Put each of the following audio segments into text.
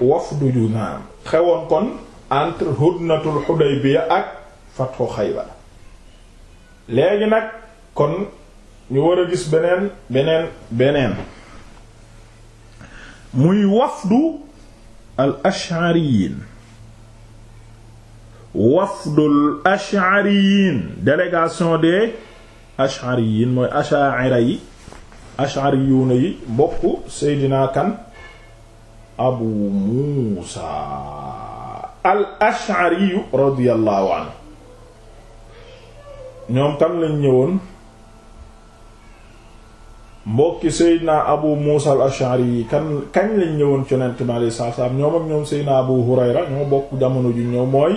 wafdu Juzaam xewoon kon entre hudnatul Hudaybiya ak fatxu Xaybar léegi nag kon ñu war a gis beneen beneen beneen muy wafdu al ashariyin wafdul ashariyin délégation des ashariyin mooy ashaira yi ashariyuuna yi mbokk Seydina kan abu muusa al ashariyu radiyallahu anhu ñoom kan lañ ñëwoon mbokki seydna abu muusa al ashari yi kan kañ lañ ñëwoon ci yonent mi alayhi salaatu salaam ñoom ak abu hurayra ñoo bokk jamono ju ñëw mooy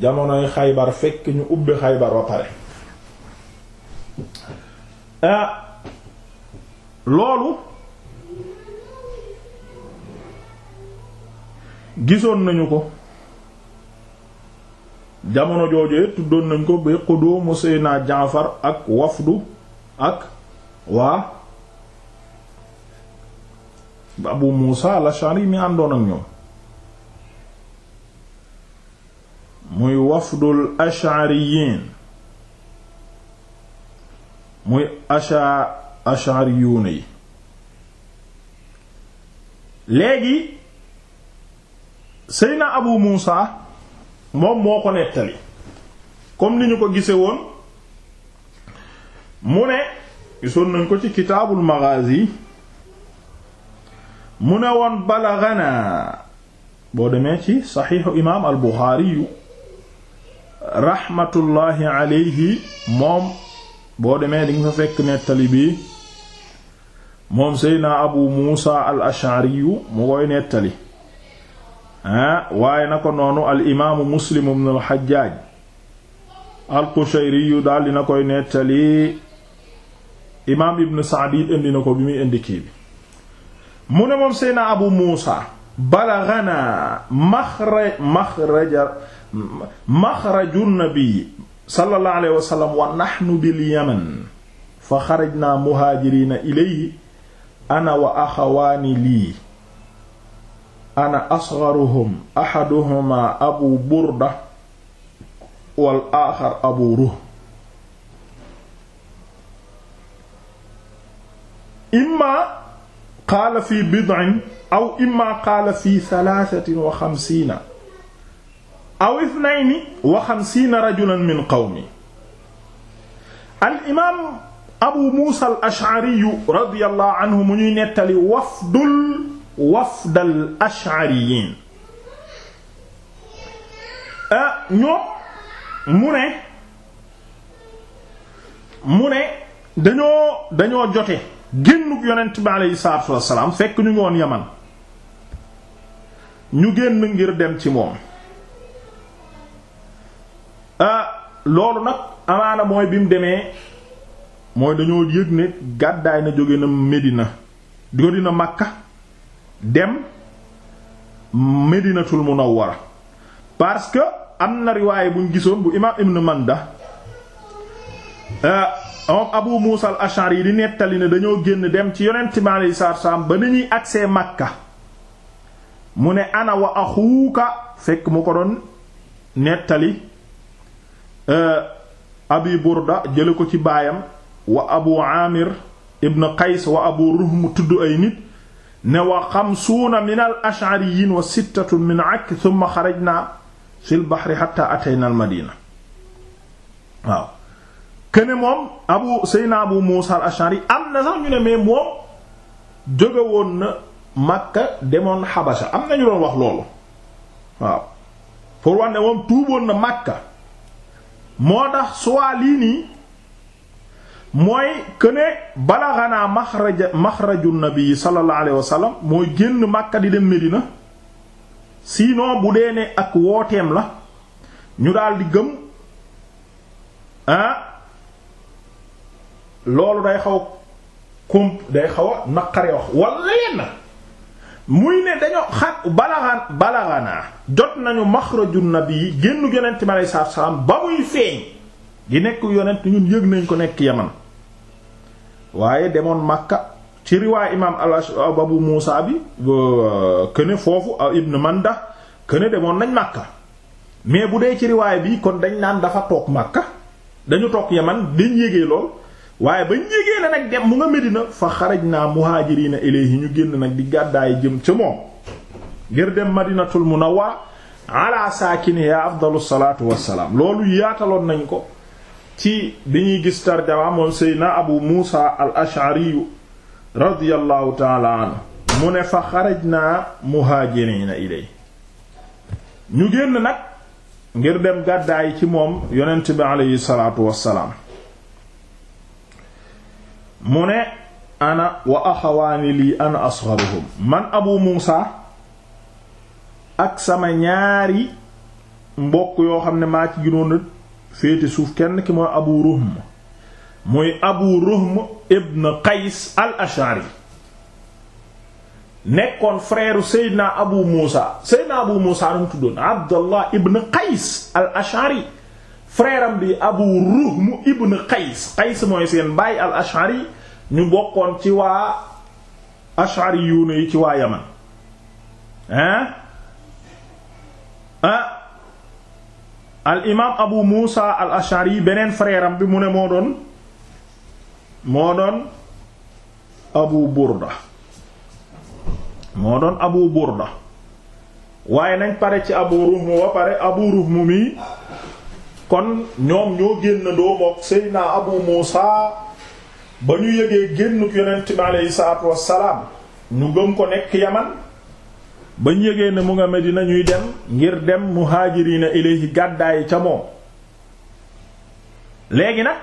jamonoy xaybar fekk ñu ubbi xaybar ba pare ah loolu gisoon nañu ko jamono jooju it tuddoon nañ ko ba xudoomu Seydina Jaafar ak wafdu ak waa Abu Muusa al-Ash'ari mi àndoon ak ñoom muy wafdul ash'ariyin muy asha ashariyuuna yi léegi Seyna Abu Muusa moom moo ko nettali comme li ñu ko gise woon mu ne gisoon nañ ko ci kitaabul maghazi mu ne woon balagana boo demee ci saxiixu imaam al Buxaariyu raxmatullaahi alayhi moom boo demee di nga fa fekk nettali bi moom Seyna Abu Muusa al Ash'ariyu mu koy nettali Ah, waaye na ko noonu al imaamu muslim ibn al xajjaaj al qushayri daal dina koy nettali imaam ibn saad it indi ko bi muy indi kii mu ne moom seyna abu muusa balaghana maxraj maxraja maxraju nabi sallallahu alayhi wa sallam wa fa xarajna muhaajiriina ilayhi ana wa axawaani lii ana asgharuhum ahaduhuma abu burda wal aaxar abu ruh imma qaala fi bid'in aw imma qaala fi thalathatin wa xamsiina aw ithnayni wa xamsiina rajulan min qawmi al imaam abu muusa al ash'ari radiyallahu anhu mu ñuy nettali wafdul wafdal ash'ariyin ah, ñoom mu ne mu ne dañoo dañoo jote génnug yonent bi aleyhi salaatu wassalaam fekk ñu ngi yaman ñu génn ngir dem ci moom ah, loolu nag amaana mooy bi mu demee mooy dañoo yëg ne gàddaay na jóge na Medina jóge na Makka dem Medinatul Munawwara parce que am na riwaay buñ gisoon bu imaam Ibn Manda euh, moom Abu Muusa al yi di nettali ne dañoo génn dem ci yonent bi alayhi salaatu salaam ba ni ñuy agsee Makka mu ne ana wa axuuka fekk mu ko doon nettali euh, Abi Burda ko ci baayam wa Abu Amir ibn Qays wa Abu Ruhm tudd ay nit ne wa xamsuuna min al ashariyin wa sittatun min ak thumma xarajna fil bahri hatta atayna al madina waaw kene moom abu seyna abu muusa al ashari am na sax ñu ne mais moom jóge woon na makka demoon xabasa am na ñu doon wax loolu waaw pour wax moom tuuboon na makka moo tax suwaa mooy que ne balaxanaa maxraja maxraju nabi sallallahu alayhi wa sallam mooy génn Makka di dem Medina sinon bu dee ne ak wooteem la ñu daldi gëm ah loolu day xaw comp day xaw a naqare wax wala leen muy ne dañoo xat balaxan balaxanaa jot nañu maxraju nabi génn yonent mi alayhi salaatu wa salaam ba muy feeñ di nekk yonent ñun yëg nañ ko nekk Yaman waaye demoon màkka ci riwaay imaam al Abu Muusa bi këne euh, foofu euh, Ibn Manda këne demoon nañ Makka mais bu dee ci riwaay bi kon dañ naan dafa toog Makka dañu toog Yaman dañ yégee lool waaye bañ yégee na nag dem mu nga Medina fa xaraj naa muhaajiriina yi ñu génn nag di gàddaay jëm ca moom ngir dem Madinatul Munawwara ala saakinihaa afdalu salaatu wassalaam loolu yaataloon nañ ko ci bi ñuy gis tarjama moom seydna abu muusa al ashariyu radiyallahu taala anhu mu ne fa xarajnaa muhaajiriina ilay ñu génn nag ngir dem gàddaay ci moom yonent bi aleyhi salaatu wassalaam mu ne ana wa axawaani lii ana asgharuhum man abu muusa ak sama ñaari mbokk yoo xam ne maa ci ginoon féete suuf kenn ki mooy abu ruhm muy abu ruhm ibn qays al ashari nekkoon frère seydna abu muusa seydna abu muusa nu tuddoon abdallah ibn qays al ashari frère bi abu ruhm ibn qays qays mooy seen baay al ashari ñu bokkoon ci waa ashari yuuna yi ci waa yaman hein al imaam abu muusa al ashari beneen frère bi mu ne moo doon moo doon abu burda moo doon abu burda waaye nañ pare ci abu ruhmu ba pare abu ruhmu mi kon ñoom ñoo génn doo mook abu muusa ba ñu yëgee génnuk yonent bi aleyhi salaatu wassalaam ñu gëm ko nekk yaman bañ yëgee na mu nga Medina ñuy dem ngir dem muhaajiriina ilayhi gàddaay ca moom léegi nag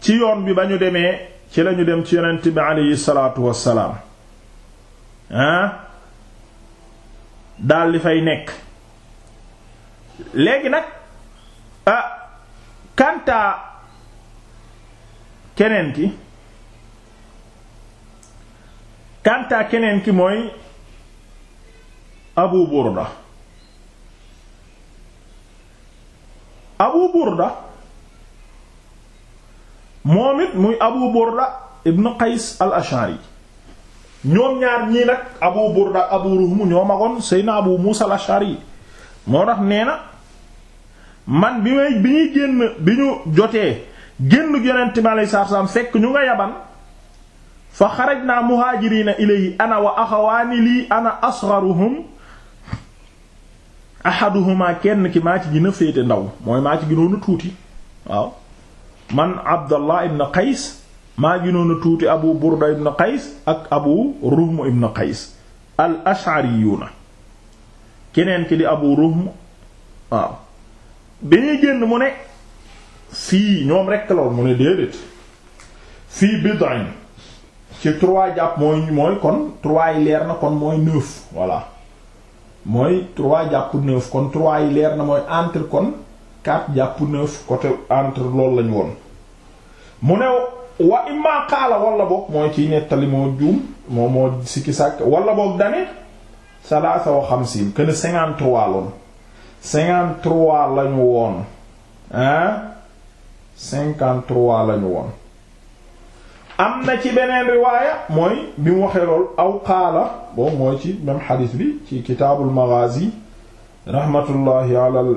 ci yoon bi ba ñu demee ci lañu dem ci yonent bi aleyhi salaatu wassalaam ah daldi fay nekk léegi nag ah kanta keneen ki kantaa keneen ki mooy abu burda abu burda moom muy abu burda ibn qays al ashari ñoom ñaar ñii nag abu burda abu ruhmu ñoo magoon seyna abu muusa al ashari moo tax nee na man bi may bi ñuy génn bi ñu jotee génn yonent bi aleyhi fekk ñu nga yaban fa xarajnaa muhaajiriina ilayhi ana wa axawaani lii ana asgharuhum ahaduhuma kenn ki maa ci gën féete ndaw mooy maa ci gënoon tuuti waaw man abdallah ibn qays maa gënoon tuuti abu burda ibn qays ak abu ruhm ibn qays al ash'ariyuuna keneen ki di abu ruhm waaw bi ñuy génn mu ne fii ñoom rekk lool mu ne déedéet fii bid'in ci trois jàpp mooy mooy kon trois yi leer na kon mooy neuf voilà mooy trois jàpp neuf kon trois yi leer na mooy entre kon quatre jàpp neuf côté entre loolu lañu woon mu ne wa imma xaala wala boog mooy ciy nettali moo juum moo moo sikki sàkk wala boog dane salaasa wa xamsiin kën a trois loon cinquante-trois lañu woon hein cinquante-trois lañu woon am na ci beneen riwaaya mooy bi mu waxee lool aw qaala boobu mooy ci même xadis bi ci kitaabul maghazi rahmatullahi ala al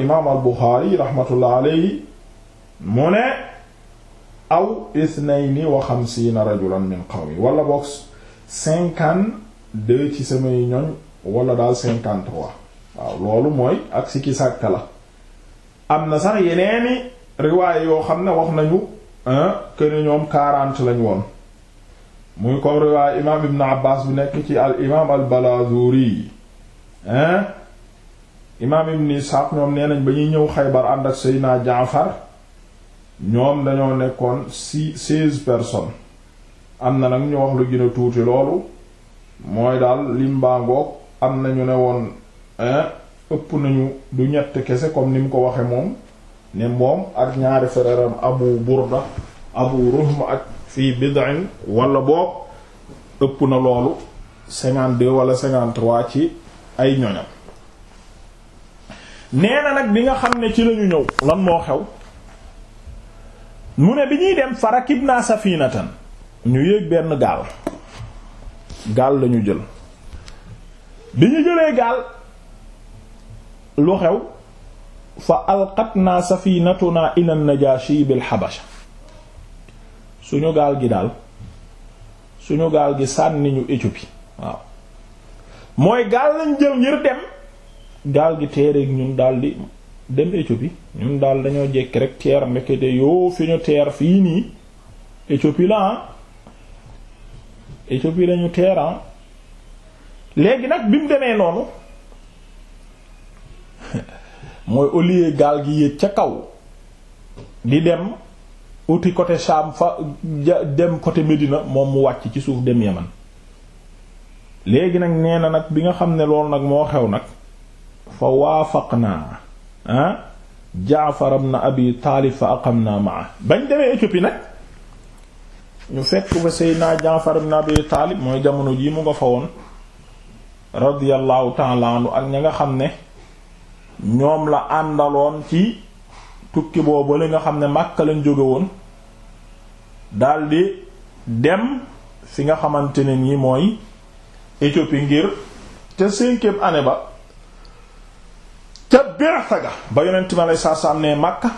imaam al buxaari rahmatullahi alayhi mu ne aw isnayni wa xamsiina min qawmi wala box cinquante deux ci samay ñoñ wala daal cinquante trois waaw loolu mooy ak si ki sàkka la am na sax yeneeni riwaaya yoo xam ne wax nañu këne ñoom quarante lañ woon muy comme riwaay imaam ibn Abbas bi nekk ci al imaam al Balaazuri hein imaam ibn ñoom nee nañ ba ñuy ñëw Xaybar ànd ak naa Jaafar ñoom dañoo nekkoon si seize personnes am na nag ñu wax lu gën a tuuti loolu mooy daal limbangoog am na ñu ne woon ëpp nañu du ñett kese comme ni mu ko waxe moom ne moom ak ñaari frère am abu burda abu ruhm ak fii bid'in wala boog ëpp na loolu cinquante-deux wala cinquante ci ay ñoñam nee na nag bi nga xam ne ci lañu ñëw lan moo xew mu ne bi ñuy dem farakib naa safinatan ñu yéeg benn gaal gaal lañu jël bi ñu jëlee gaal lu xew fa alqatnaa safiinatunaa ila najashi bil xabasha suñu gaal gi daal suñu gaal gi sànni ñu Éthiopie waaw mooy gaal lañ jël ngir dem gaal gi teereeg ñun daal di dem Éthiopie ñun daal dañoo jekki rek teer ndekete yoo fi ñu teer fii nii Éthiopie la ah Éthiopie lañu teer ah. léegi nag bi mu demee noonu mooy au lieu gaal gi yéeg ca kaw di dem uti côté Sham fa dem côté Médina moom mu wàcc ci suuf dem Yaman léegi nag nee na nag bi nga xam ne loolu nag moo xew nag fa waafaqnaa ah Jaafar ibn Abi Taalib fa aqamnaa maa bañ demee Éthiopie nag ñu fekk ba naa Jaafar ibn Abi Taalib mooy jamono jii mu nga fa woon radiyallahu ta'ala ak ña nga xam ne ñoom la àndaloon ci tukki boobu li nga xam ne màkk lañ jóge woon daldi dem fi nga xamante ne nii mooy Éthiopie ngir ca cinquième année ba ca berta ga ba yonent ma lay saasaam ne Makka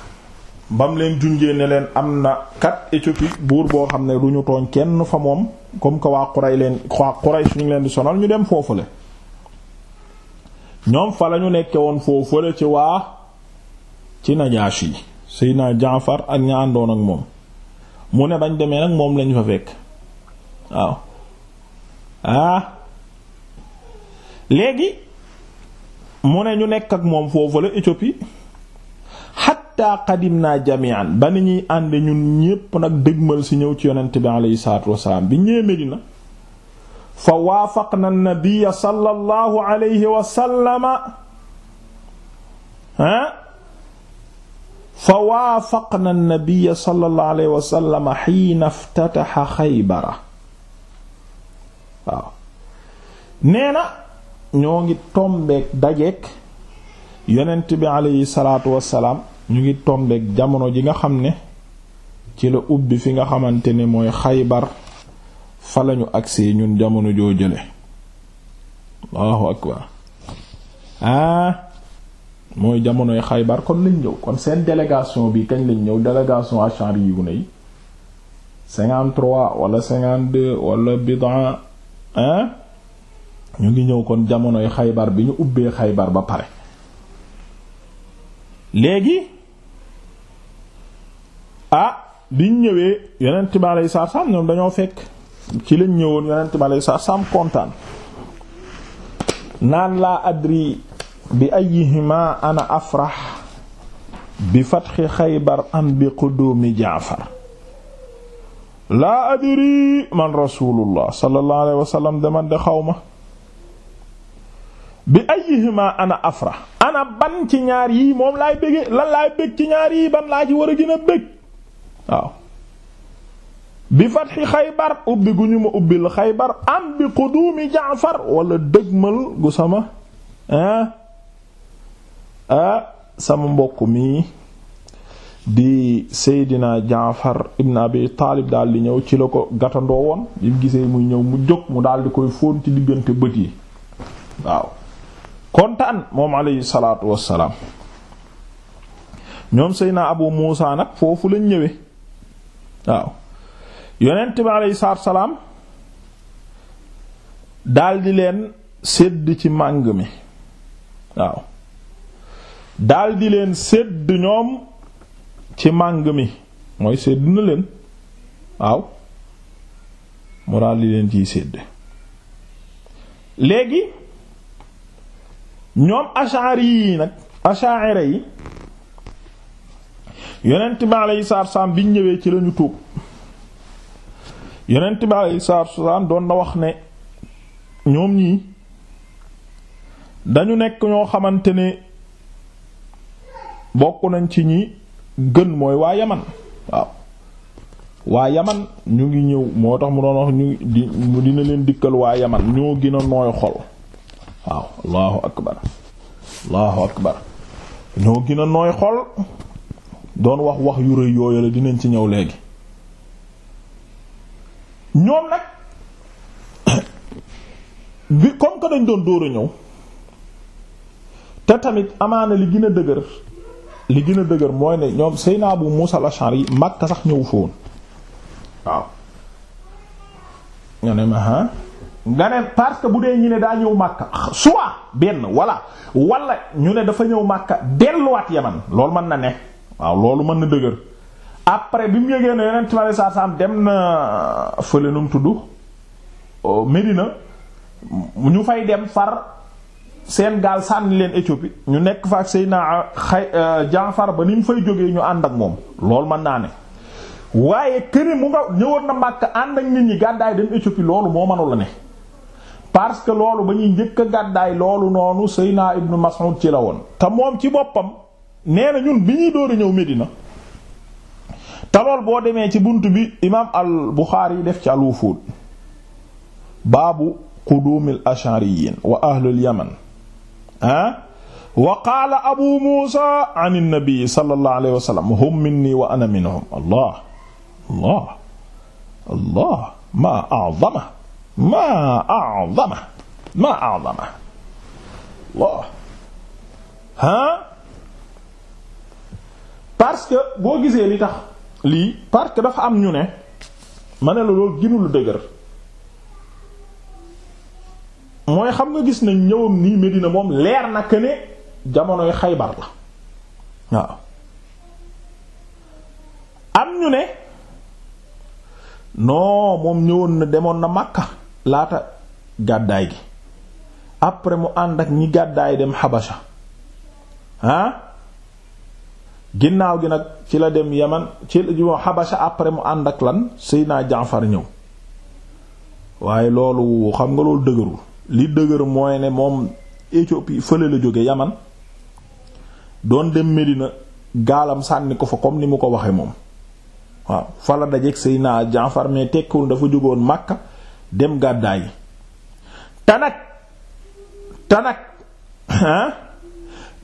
bam leen junjee ne leen am na kat Éthiopie buur boo xam ne du ñu tooñ kenn fa moom comme que waa Quraysh leen waa Quraysh ñu leen di sonal ñu dem foofu la ñoom fa la nekke woon foofu fële ci waa ci Najaashi Seydina Jaafar ak ña àndoon ak moom mu ne bañ demee nag moom lañ fa fekk waaw ah léegi mu ne ñu nekk ak moom foofu la Éthiopie hatta qadimna jami'an ba ni ñuy ànd ñun ñépp nag dëgmal si ñëw ci yonent bi alayhi salaatu wasalaam bi ñëwee Medina fa waafaqna nabiya sallallahu alayhi wa sallama ah fa wa sallama xiina iftataxa xaybara nee na ñoo ngi tombeek dajeek yonent bi alayhi salaatu wassalaam ñu ngi tombeek jamono ji nga xam ne ci la ubbi fi nga xamante ni mooy xaybar fa lañu agsee ñun jamono joo jële allahu ak ah mooy jamonoy Xaybar kon lañ ñëw kon seen délégation bi kañ lañ ñëw délégation Ash'ari yu ne yi 53 wala 52 wala bid'a ah ñu ngi ñëw kon jamonoy Xaybar bi ñu ubbee Xaybar ba pare léegi ah biñ ñëwee yeneen tibaar yi saar saar ñoom dañoo fekk ci lañ ñëwoon yonent ma lay sa sam kontaan naan laa adri bi ayihima ana afrah bi fatxi xaybar am bi qudumi jaafar laa adri man rasulullah sallallahu alayhi wa sallam daman de xaw ma bi ana afrah ana ban ci ñaar yii moom laay bëgge lan laay bëgg ci ñaar yii ban laa ci war a gën a waaw bi fatxi xaybar ubbi gu ñu ma ubbil xaybar am bi quduumi jaafar wala dëgmal gu sama ah sama mbokk mi di seydina jaafar ibn abi taalib daal di ñëw ci la ko gatandoo woon bi mu gisee muy ñëw mu jóg mu daal koy fóon ci diggante bët yi waaw kontaan moom alayhi salaatu wassalaam ñoom seydina abu muusa nag foofu lañ ñëwe waaw yonent bi aleyhi salaatu salaam daldi leen sédd ci màng mi waaw daldi leen sédd ñoom ci màng mi mooy sédd na leen waaw mu daldi leen ciy sédd léegi ñoom ash'ari yi nag ash'ari yi yonent bi aleyhi salaatu salaam biñ ñëwee ci lañu tuub yeneen bi alayhi salaatu wasalaam doon na wax ne ñoom ñii dañu nekk ñoo xamante ne bokk nañ ci ñi gën mooy waa yaman waaw waa yaman ñu ngi ñëw moo tax mu doon wax ñu dina leen dikkal waa yaman ñoo gën a nooy xol waaw allahu akbar allahu akbar ñoo gën nooy xol doon wax wax yu rëy yooyu la dinañ ci ñëw léegi ñoom nag bi comme que dañ doon dóor a ñëw te tamit amaana li gën a dëgër li gën dëgër mooy ne ñoom Seyna Abu Musa al yi Makka sax ñëwu foon waaw nga ne ma ah nga ne parce que bu dee ñu ne daa ñëw Makka soit benn walla walla ñu ne dafa ñëw Makka delluwaat Yaman loolu mën na ne waaw loolu mën na dëgër après bi mu yëgee ne yonent mi alayhi salaam dem na fële nu mu tudd oh, Medina ñu fay dem far seen gaal sànni leen Éthiopie ñu nekk fa ak Seydina xay euh, Jaafar ba ni mu fay jógee ñu ànd ak moom loolu mën naa ne. waaye këri mu nga ñëwoon na Makka ànd ak nit ñi gàddaay dem Éthiopie loolu moo mënul a ne parce que loolu ba ñuy njëkk a gàddaay loolu noonu Seydina Ibnu Mas'ud ci la woon te moom ci boppam nee na ñun bi ñuy door a ñëw Medina. te lool boo demee ci bunt bi imaam al Buxaari yi def ci al wufuud baabu quduumil ashariyiin wa ahlul yaman ah wa qaala abu muusa an nabi sallallahu alayhi wa sallam hum minni wa ana minhum allah allah allah maa a'zama maa a'zama maa a'zama allah ah parce que boo gisee li tax lii parce que dafa am ñu ne ma ne la loolu gënul dëgër mooy xam nga gis nañ ñëwam nii Medina moom leer na ne jamonoy Xaybar la waaw am ñu ne non moom ñëwoon na demoon na Makka laata gàddaay gi après mu ànd ak ñi gàddaay dem Habasha ah ginnaaw gi nag ci la dem yaman ci la xabasa après mu ànd ak lan Seydina Jaafar ñëw waaye loolu xam nga loolu dëgërul li dëgër mooy ne moom Éthiopie fële la jóge yaman doon dem Medina gaalam sànni ko fa comme ni mu ko waxe moom waaw fa la dajeek Seydina Jaafar mais tekkiwul dafa jógoon màkk dem gàddaay yi tanak tanak hein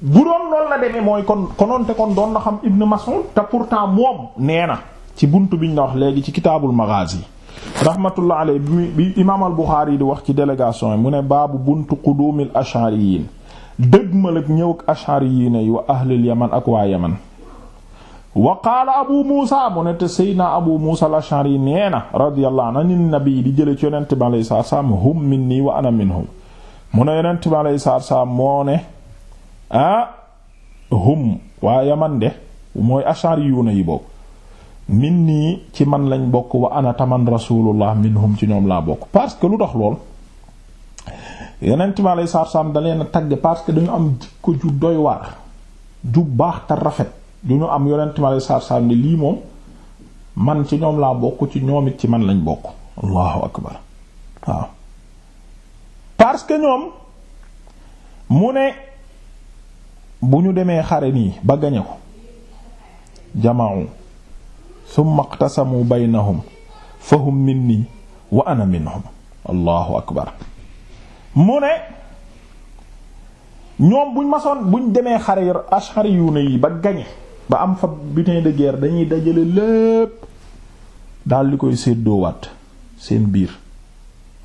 bu doon loolu la demee mooy kon konoonte kon doon na xam Ibn Mas'ud te pourtant moom nee na ci buntu biñ la wax léegi ci kitaabul Maghazi rahmatullah alayhi bi imaam al Buxaari di wax ci délégation yi mu ne baabu buntu qudumil ashariyin dëgmal ak ñëw ak yi wa ahlil yaman ak waa yaman wa qaala abu muusa mu ne te seydna abu muusa al nee na radiyallahu anhu anin nabi di jële ci yonent bi alayhi salaam hum minni wa ana minhum mu ne yonent ah hum waa yaman de mooy ashariyuuna yi bokk min nii ci man lañ bokk wa ana taman rasulullah minhum ci ñoom laa bokk parce que lu dox lool yeneen mi alei saatu salaam da leen tagg parce que dañu am jikko ju doy waar ju baax te rafet du ñu am yonent mi alei saatu salaam ne lii moom man ci ñoom laa bokk ci ñoom ci man lañ bokk allahu akbar waaw parce que ñoom mu ne bu ñu demee xare nii ba gañe ko jama'u summa iqtasamu baynahum fahum minni wa ana minhum allahu akbar mu ne ñoom buñ masoon buñ demee xare yor ashari yu ne ba gañe ba am fa butin de dañuy dajale lépp daal di koy séddoowaat seen biir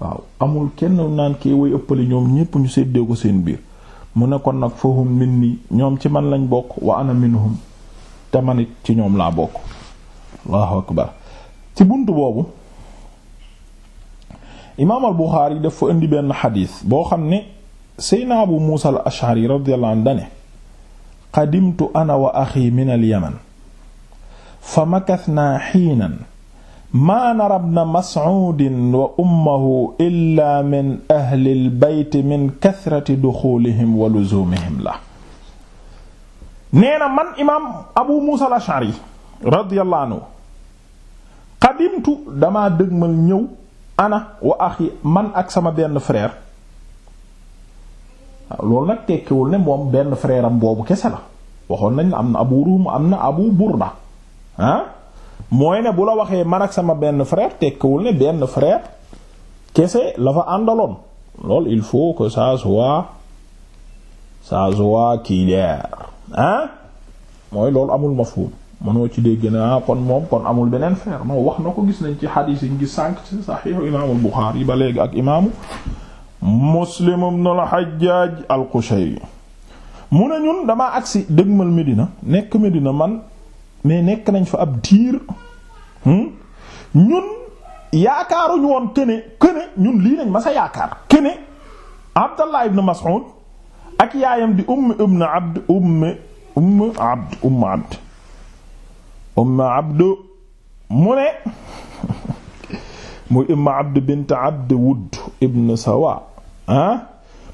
waaw amul kenn naan kee way ëppale ñoom ñépp ñu seddoo ko seen biir mu ne kon nag fahum minni ñoom ci man lañ bokk wa ana minhum te manit ci ñoom laa bokk ci buntu boobu imaam al Buxaari dafa indi benn xadiis boo xam ne seyna abu muusa al ashari dane qadimtu ana wa axi min al fa makasnaa xiinan maa nara ibna mas'uudin wa ummahu illaa min ahlil bayti min kasrati duxulihim wa luzumihim la nee na man ñëw ana ak sama benn frère loolu nag tekkiwul ne moom benn frère boobu kese la waxoon nañ la am na abu ruum am na abu burda ah mooy ne bu la waxee man ak sama benn frère tekkiwul ne benn frère kese la fa àndaloon loolu il faut que ça soit ça soit clair ah mooy loolu amul mafhum mënoo ci dégg na kon moom kon amul beneen frère moo wax na ko gis nañ ci xadiis yi ngi sànq ci saxiixu imaamul Buxaari ba léegi ak imaamu Muslim ibn al-Hajjaj al-Qushayri mu ne ñun damaa agsi dëgmal Medina nekk Medina man mais nekk nañ fa ab diir hmm? ñun yaakaaruñu woon këne këne ñun lii lañ masa yaakaar këne Abdallah ibn Mas'ud ak yaayam di umm ibn abd umm umm abd umm abd umm mu ne muy umm abd bint abd wudd ibn sawa ah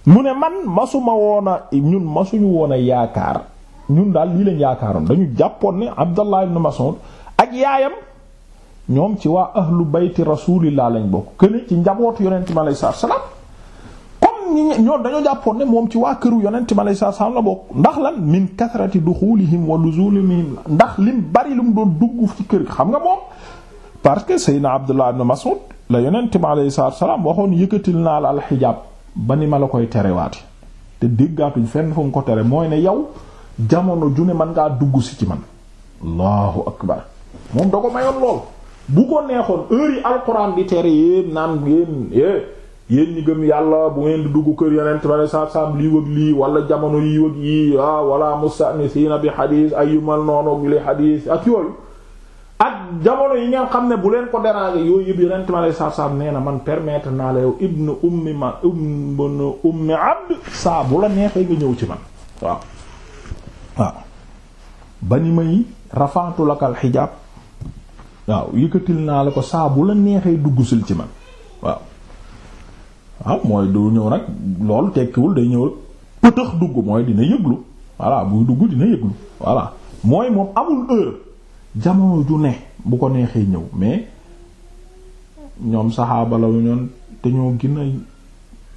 mu ne man masuma woona ñun masuñu woon a yaakaar ñun daal lii lañ yaakaaroon dañu jàppoon ne Abdallah ibn Mas'ud ak yaayam ñoom ci waa ahlu bayti rasulillah lañ bokk këne ci njabootu yonent mi alayhi salaatu salaam comme ñi ñoo dañoo jàppoon ne moom ci waa këru yonent mi alayhi salaatu salaam la bokk ndax lan min kasrati duxulihim wa nuzulihim ndax lim bari lu mu doon dugg ci kër xam nga moom parce que Seydina Abdullah ibn Mas'ud la yonent mi alayhi salaatu salaam waxoon yëkkatil naa la alxijaab ba ni ma la koy tere terewaate te déggaatuñ fenn fu mu ko tere mooy ne yow jamono ju ne mën ngaa dugg si ci man allahu bu ko neexoon heure yi alxuraan di tere yéen naan yéen é yéen ñi gëm yàlla bu ngeen di dugg kër yonent bare saab-saab lii wëg lii wala jamono yi wëg yi wa ah, wala mustanisiina bi xadiis ay yumal noonu li xadiis ak yooyu ak jamono yi ngeen xam ne bu leen ko déranger yooyu yëpp yonent ma saab-saab nee na man permettre naa la yow ibnu ummi man ibnu ummi abd saa bu la neexee nga ñëw ci man waaw waaw ba ni may rafantu lakal xijaab waaw yëkkatil naa la ko saa bu la neexee dugg sil ci man waaw waaw mooy du ñëw nag loolu tekkiwul day ñëw pëtëx dugg mooy dina yëglu voilà dugg dina voilà mooy moom amul heure jamono ju ne bu ko neexee ñëw mais ñoom saxaaba la ñoon te ñoo gën a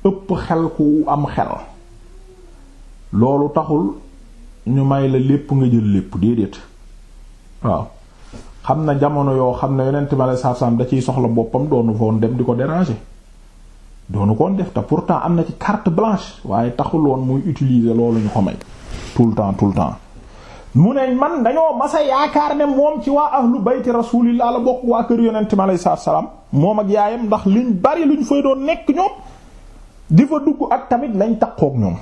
ëpp xel ku am xel loolu taxul ñu may la lépp nga jël lépp déedéet waaw xam na jamono yoo xam ne yonent ma aleyhi salaatu salaam da ciy soxla boppam doonu foon dem di ko déranger doonu koon def te pourtant am na ci carte blanche waaye taxul woon muy utiliser loolu ñu ko may tout le temps tout le temps mu ne man dañoo masa yaakaar ne moom ci waa ak ahlu bayti rasulillah la bokk waa kër yonent ma aleyhi salaatu salaam moom ak yaayam ndax liñ bari luñ fay doon nekk ñoom di fa dugg ak tamit lañ takkook ñoom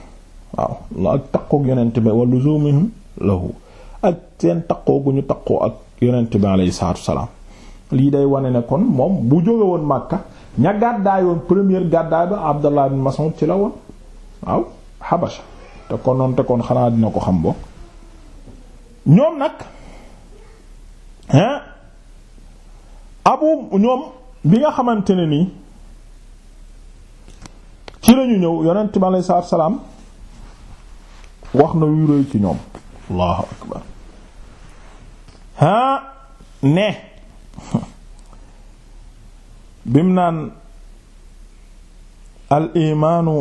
waaw la ak takkook yonent bi wa luzumihum lahu ak seen takkoo gu yonent bi aleyhi salaatu salaam lii day wane ne kon moom bu jóge woon Makka ña gàddaayoon première gàddaay ba Abdallah ibn Mas'ud ci la woon waaw Habasha te konoon te kon xanaa dina ko xam bo ñoom nag hein abu ñoom bi nga xamante ne nii ci lañu ñëw yonent bi aleyhi salaatu salaam wax na yuy rëy ci ñoom allahu akbar ah ne bim naan al imaanu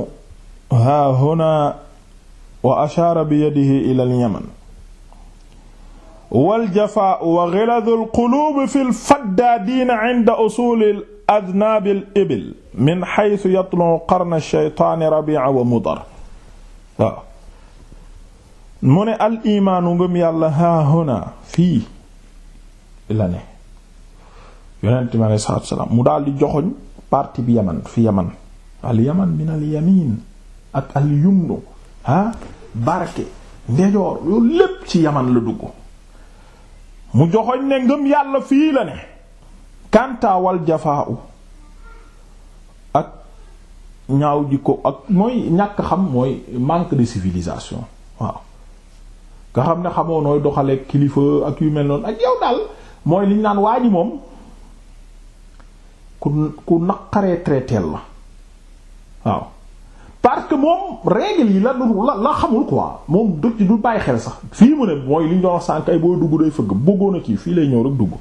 haa huna wa ashaara bi yadihi ila al yaman wal jafaa wa ghiladu al quluub fi al faddaadiina inda usuuli al adnaab al ibil min haythu yatlu qarn al shaytaani rabii'a wa mudar waaw mu ne al imaanu ngëm yàlla haa huna fii la ne yonent mi alei salaatu salaam mu daal di joxoñ parti bi yaman fi yaman al yaman min al ak al yumnu ah barke ndejoor loolu lépp ci yaman la dugg mu joxoñ ne ngëm yàlla fii la ne kantaawal jafaa'u ak ñaaw jikko ak mooy ñàkk xam mooy manque de civilisation waaw nga xam ne xamoo nooy doxalee kilifa ak yu mel noonu ak yow daal mooy liñ naan waa ji moom ku ku naqaree traité la waaw parce que moom règle yi la la la xamul quoi moom du du bàyyi xel sax fii mu ne mooy li doon sànk ay boo dugg day fëgg bëggoon a fii lay ñëw rek dugg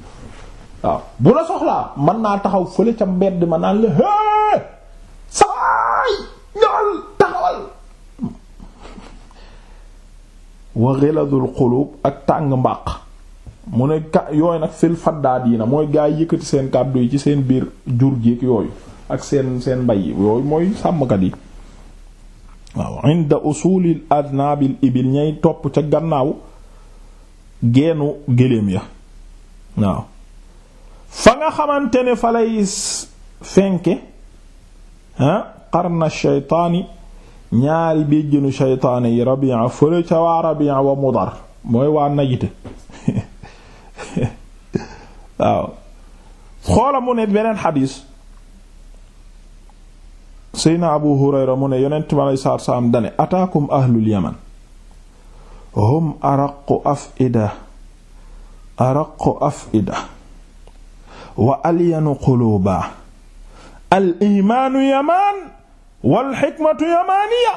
waaw bu la soxlaa mën naa taxaw fële ca mbedd ma naan la hé sawaay ñool taxawal wa ak tàng mbaq mu ne ka yooyu nag fil faddaadiina mooy gaa yi yëkkati seen kàddu yi ci seen biir jur gi yooyu ak seen seen mbay yooyu mooy sàmmkat yi waaw ibil ñay topp ca gannaaw geenu géléem ya waaw fa nga xamante ne fa lay fenke ah qarna shaytaani ñaari béjjënu shaytaani yi fële ca waa rabia wa mudar mooy waa najite waaw xoola mu ne beneen xadiis seyna abu hurayra mu ne yonent bi aleyhi salaatu wa salaam dane ataakum ahlul yaman hum araqu afida araqu afida wa alyanu quluuba al imaanu yamaan wal xikmatu yamaaniya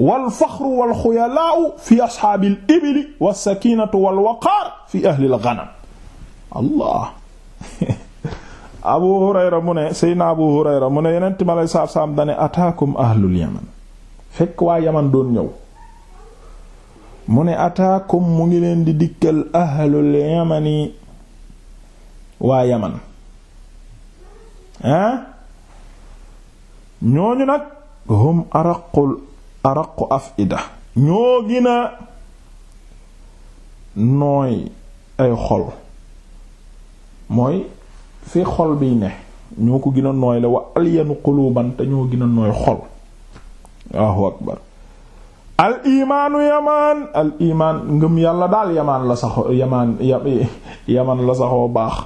wal faxru wal xuyalaa'u fi asxaabil ibili was sakiinatu wal waqaar fi ahlil ganam allah abu hurayra mu ne seydna abu hurayra mu ne yeneen ma lay saaf saam dane ataakum ahlul yaman fekk waa yaman doon ñëw mu ne ataakum mu ngi leen di dikkal ahlul yamani waa yaman hein ñooñu nag hum araqul araqu afida ñoo gina nooy ay xol mooy fi xol biy ne ñoo ko gën a nooy la wa alyanu quluban te ñoo gën nooy xol waaw akbar al imaanu yamaan al imaan ngëm yàlla daal yamaan la saxoo yamaan yamaan la saxoo baax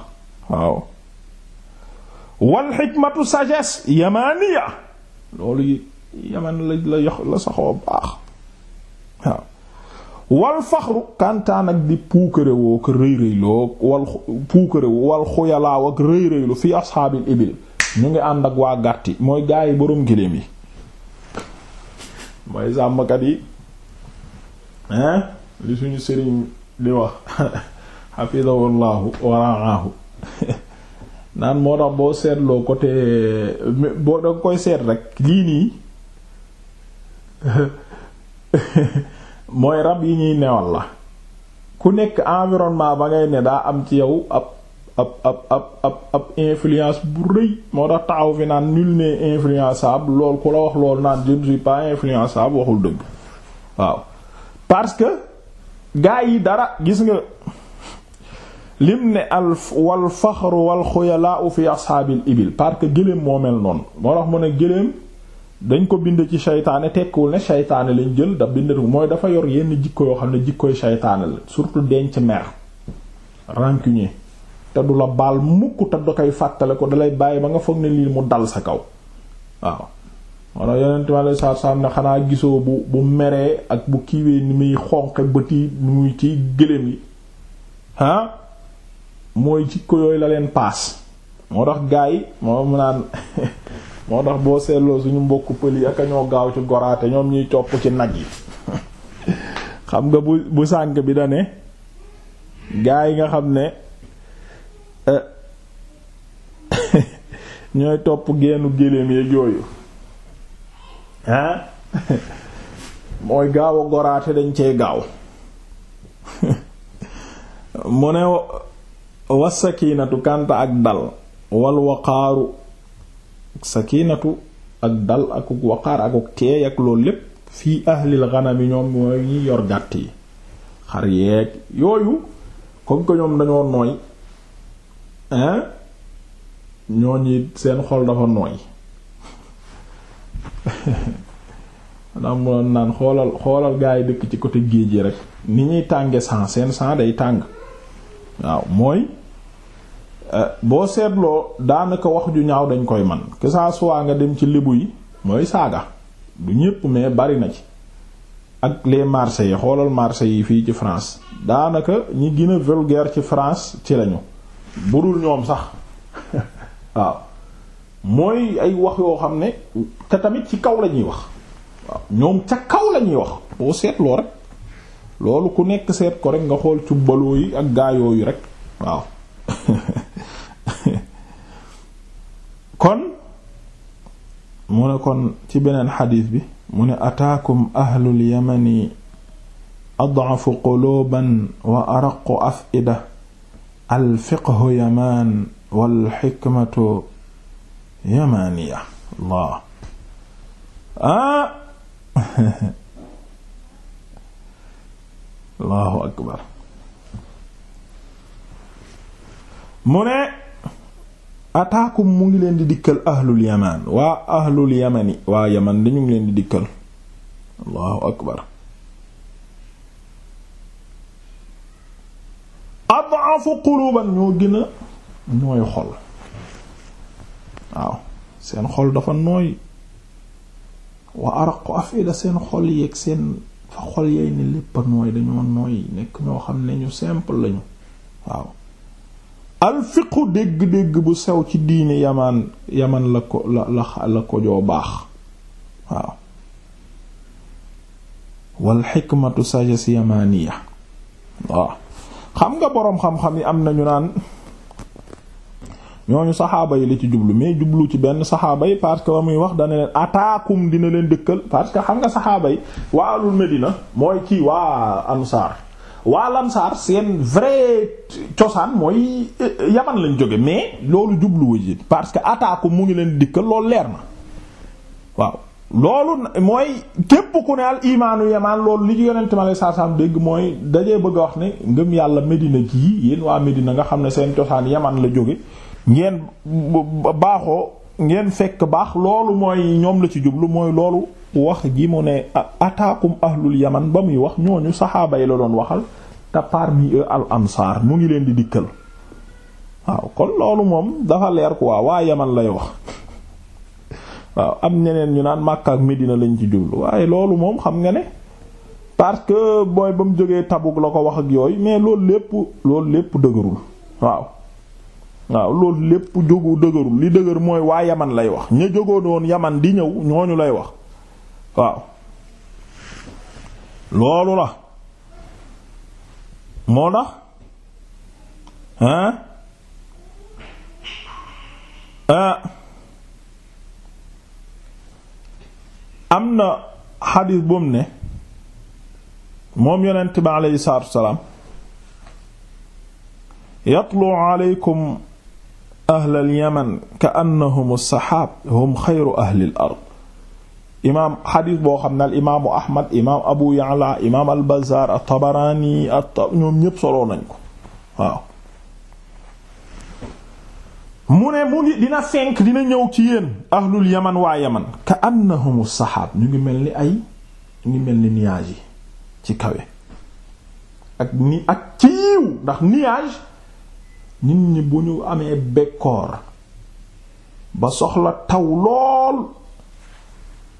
waaw wal xikmatu sagesse yamaaniya loolu yamaan la la saxoo baax waaw wal faxru kantaan ak di puukarewoo ak rëy rëyloo wal puukarewoo wal xuyalaaw ak rëy rëylu fi ashaabil ibil ñu ngi ànd ak waa gàtti mooy gaa yi boroom giléem yi mooy sàmmkat yi hein li suñu sëriñ di wax xafidahu llaahu waraahu naan moo tax boo seetloo côté boo danga koy seet rek lii nii mooy rab yi ñuy newal la ku nekk environnement ba ngay ne daa am ci yow ab ab ab ab influence bu rëy moo tax taxaw fi naan nul n'est influençable lool ku la wax loolu naan je ne suis pas influençable waxul dëgg waaw parce que gaa yi dara gis nga lim ne al wal faxru wal xuyalaa'u fi ashaabil ibil parce que gëléem moo mel noonu moo tax mu ne gëléem dañ ko bind ci seytaane tekkiwul ne seytaane lañ jël da bind mooy dafa yor yenn jikko yoo xam ne jikkooy seytaane la surtout denc mer rancunier te du la baal mukk te da koy fàttale ko dalay bàyyi ba nga foog ne lii mu dal sa kaw waaw wala yonent mi alei saatu ne xanaa gisoo bu bu meree ak bu kiiwee ni muy xonqe bëti ni muy ci gëléem yi ah mooy jikko yooyu la leen paas moo tax gaa yi moo naan moo tax boo seetloo suñu mbokk pël yi ak a ñoo gaaw ci goraate ñoom ñuy topp ci nag yi xam nga bu bu sànq bi da ne yi nga xam ne eh, ñooy topp geenu géléem yeeg yooyu ah mooy gaaw a goraate dañ cee gaaw mu ne wasakiinatu kànta ak dal wal waqaaru sakinatu ak dal akuk waqaar akuk teey ak loolu lépp fii ahlil ghanami ñoom mooy ñi yor gàtt yi xar yeeg yooyu comme que ñoom dañoo nooy hein ñooñi seen xol dafa nooy maanaam mu naan xoolal xoolal gaa yi dëkk ci côté géej gi rek ni ñuy tànge san seen sang day tàng waaw mooy Eh, boo seetloo daanaka wax ju ñaaw dañ koy man que ça nga dem ci libu yi mooy saaga du ñépp mais bari na ci ak les yi xoolal Marseillais yi fii ci France daanaka ñi gën a ci France ci lañu budul ñoom sax waaw mooy ay wax yoo xam ne te tamit ci kaw la ñuy wax waaw ñoom ca kaw la ñuy wax boo seetloo rek loolu ku nekk seet ko rek nga xool cubbaloo yi ak yooyu rek waaw kon mu kon ci beneen xadiis bi mu ne ataakum ahlul yamani ad'afu quluuban wa araqu af'ida al fiqhu wal xikmatu yamaaniya Allah ah akbar mu ataakum mu ngi leen di dikkal ahlul yaman waa ahlul yamani waa yaman dañu ngi leen di dikkal allahu akbar ad'afu quluban ñoo gën nooy xol waaw seen xol dafa nooy wa araqu afida seen xol yeeg seen fa xol yay ne lépp a nooy dañoo nooy nekk ñoo xam ne ñu simple lañu waaw al dégg-dégg bu sew ci diine yamaan yaman la ko la la la ko joo baax waaw wal xikmatu sagesse yamaaniya waaw xam nga boroom xam-xam yi am na nañu naan ñooñu saxaaba yi la ci jublu mais jublu ci benn saxaaba yi parce que ba muy wax dana leen ataakum dina leen dëkkal parce que xam nga saxaaba yi waa alul medina mooy ci waa ansaar waa lamsaar seen vrai cosaan mooy euh, euh, yaman lañ jóge mais loolu jubluwu ji parce que attaque mu ngi leen dikkal loolu leer na waaw loolu mooy képp ku ne al imaanu yamaan loolu li ci yonente ma lay sarsam dégg mooy dajee bëgg a wax ne ngëm yàlla Medina gii yéen waa Medina nga xam ne seen cosaan yaman la jóge ngeen baaxoo ngeen fekk baax loolu mooy ñoom la ci jublu mooy loolu wax gi mu ne ataakum ahlul yaman ba muy wax ñooñu saxaaba yi la doon waxal te parmi eux al ansaar mu ngi leen di dikkal waaw kon loolu moom dafa leer quoi waa yaman lay wax waaw am ñeneen ñu naan Makka ak Medina lañ ci jublu waaye loolu moom xam nga ne parce que booy ba mu jógee Tabuk la ko wax ak yooyu mais loolu lépp loolu lépp dëgërul waaw waaw loolu lépp jógu dëgërul li dëgër mooy waa yaman lay wax ña jógoon woon yaman di ñëw ñooñu lay wax waaw loolu la moo tax hein euh, am na xadiis bu mu ne moom yonent bi aleyhi salaatu wasalaam yatlu aleykum ahlal yaman ka annahum as-saxaab hum xayru ahli al-ard imaam xadis boo xam ne al imaamu Ahmad imaam Abu Ya'la imaam al Bazzar at ñoom ñëpp soloo nañ ko waaw. mu ne mu ngi dina fenk dina ñëw ci yéen ahlul yaman waa yaman ka annahumu saxaab ñu ngi mel ni ay ñu ngi mel ni nuages yi ci kawe ak ni ak ci yiw ndax nuage nit ñi bu ñu amee bekkoor ba soxla taw lool.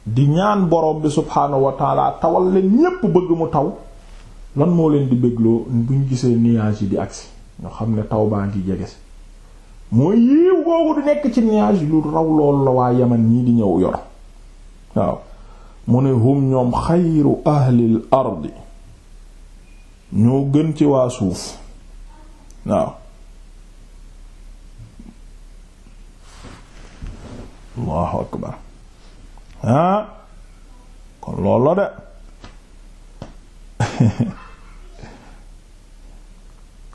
di ñaan borom bi subhaanahu wa tawal leen ñépp bëgg mu taw lan moo leen di bégloo buñ gisee nuage yi di agsi ñoo xam ne taw baa ngi jege si mooy yiiw googu di nekk ci nuage lu raw loolu la waa yaman ñii di ñëw yor waaw mu ne hum ñoom xayru ahlil ardi ñoo gën ci waa suuf waaw allahu akbar ah kon loolu la de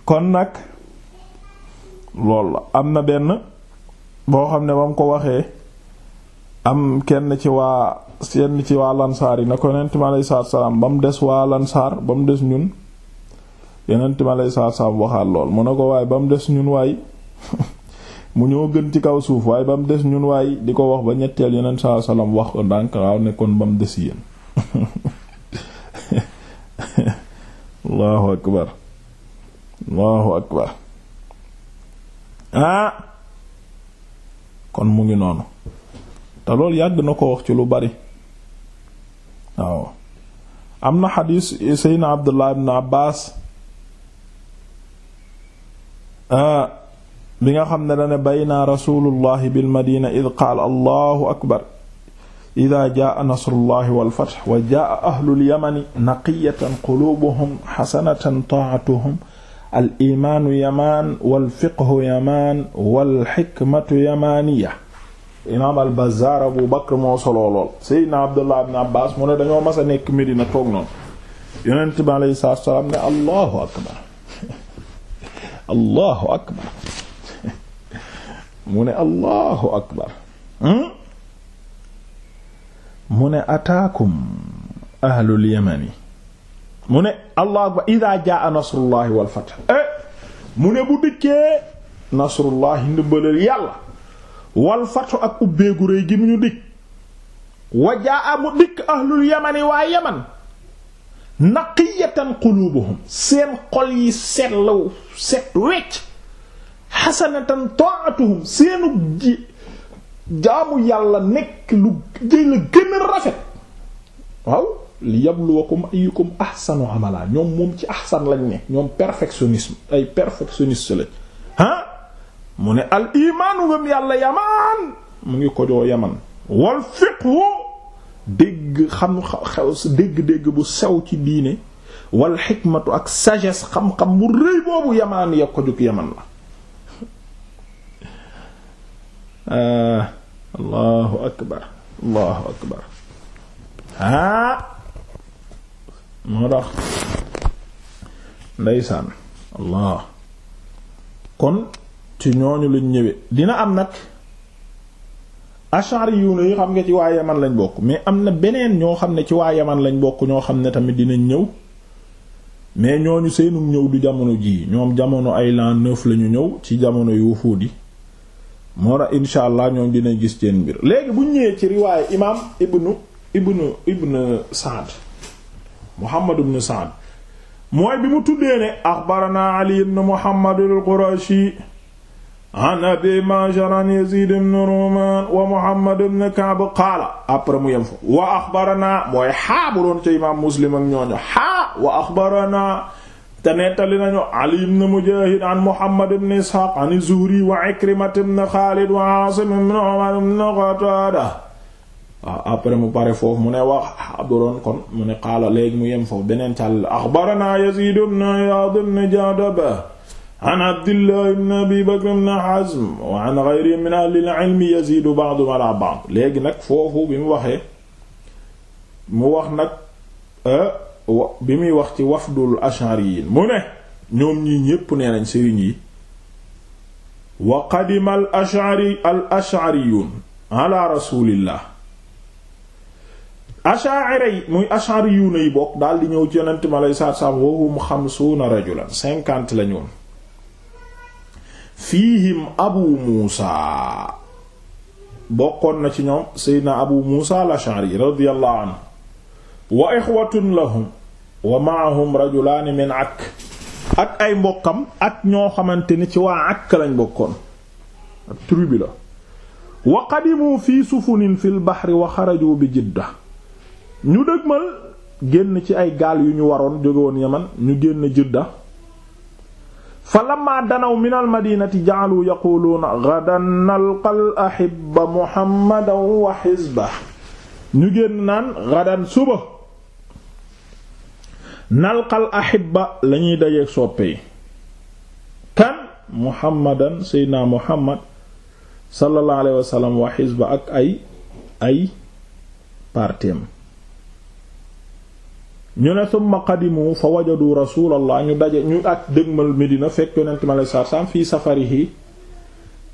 kon nag loolu la am na benn boo xam ne ba mu ko waxee am kenn ci waa kenn ci waa lansaar yi na ko yonent mi aleyhi salaatu salaam ba mu des waa lansaar ba mu des ñun yonent mi aleyhi salaatu salaam waxaat lool mu ne ko waaye ba mu des ñun waay mu ñoo gën ci kaw suuf waaye ba mu des ñun waaye di ko wax ba ñetteel yeneen saa salaam wax ko ndànk waaw ne kon ba mu des yéen allahu akbar allahu akbar ah kon mu ngi noonu te loolu yàgg na ko wax ci lu bari waaw am na xadiis seydna abdullah ibn abbas ah! bi nga xam ne dane bayna rasulullahi bil madina id qaal allahu akbar ida jaa nasrullahi walfatx wa jaa ahlulyamani naqiyatan quluubuhum xasanatan taatuhum al imaanu yamaan walfiqhu yamaan walxikmatu yamaaniya imaam al bazaar abu bakr moo soloo lool seydna abdullah ibn abbas mu ne dañoo mas a nekk Medina toog noonu yonent bi aleyhi salaatu wa salaam ne allahu akbar allahu akbar mu ne allahu akbar hmm? mu ne ataakum ahlul yamani mu ne allahu akbar idaa jaa nasrullahi wal fath eh? mu ne bu dikkee nasrullahi ndimbalal yàlla wal fath ak ubbeegu rëy mu ñu dikk wa jaa mu dikk ahlul yamani waa yaman naqiyatan qulubuhum seen xol yi set law set wecc xasanatan taatuhum seenu jaamu yàlla nekk lu jëla gën rafet waaw li yabluwakum ayyukum ahsanu amala ñoom moom ci ahsan lañ ne ñoom perfectionnisme ay perfectionniste lañ ah mu ne al imaanu yàlla yamaan mu ngi kojoo yaman wal fiqhu dégg xam xew dégg-dégg bu sew ci diine wal xikmatu ak sagesse xam-xam mu rëy boobu yamaan ya kojug yaman la Ah, allahu akbar allahu akbar haa ah, moo tax ndeysaan allah kon ci ñooñu lañ ñëwee dina am nag ashari yu ne yi xam nga ci waa yaman lañ bokk mais am na beneen ñoo xam ne ci waa yaman lañ bokk ñoo xam ne tamit dinañ ñëw mais ñooñu seenum ñëw du jamono jii ñoom jamono ay l'an neuf lañu ñëw ci jamono yu wufuudi moo tax insha allah dina gis seen mbir léegi bu ñëwee ci riwaaye imaam ibnu ibnu ibnu Saad Muhammad ibnu Saad mooy bi mu tuddee ne axbarana Ali ibn Muhammad al-Qurashi an Abi Ma'shar an Yazid ibn wa Muhammad ibn Ka'b qaala après mu yem fa wa axbarana mooy xaa ca imaam Muslim ak ñooñu xaa wa axbarana te nettali nañu ali ibn mujahid an muhammad ibn ishaq an zuhri wa ikrimat ibn xaalid wa asim ibn umar ibn qatada waaw après mu pare foofu mu ne wax abdoron ah, kon mu ne qaala léegi mu yem foofu beneen càll axbarana yazid ibn iyad ibn jadaba an abdillah ibn abi bakr ibn hazm wa an ghayri min ahli al-ilmi yazidu ba'du ala ba'd léegi nag foofu bi mu waxee mu wax nag eh, bi muy wax ci wafdul ashariyin mu ne ñoom ñi ñépp nee nañ sëriñ yi wa qadima al ashari al ashariyun ala rasulillah ashaira yi bokk daal di ñëw ci yonent mi aleyhi salaatu salaam wahum xamsuuna rajulan cinquante lañu woon fiihim abu muusa bokkoon na ci ñoom seydna abu muusa al ashari radiyallahu anhu wa ixwatun wa maahum rajulaani min ak ak ay mbokkam ak ñoo xamante ni ci waa ak lañ bokkoon ak tribu la wa qadimu fi sufunin fil bahri wa xaraju bi jidda ñu dëgmal génn ci ay gaal yu ñu waroon jógewoon woon ñu génn jidda fa lamma danaw min al madinati ja'alu yaquluuna gadan nalqal ahibba muhammadan wa xisba ñu génn naan gadan suba nalqal ahibba la ñuy dajeeg soppe yi kan muhammadan seydina muhammad sallallahu alayhi wa sallam wa ak ay ay partem ñu ne summa qadimu fa wajadu rasulallah ñu daje ñu ak dëgmal Medina fekk yonent ma lay sarsam fii safarihi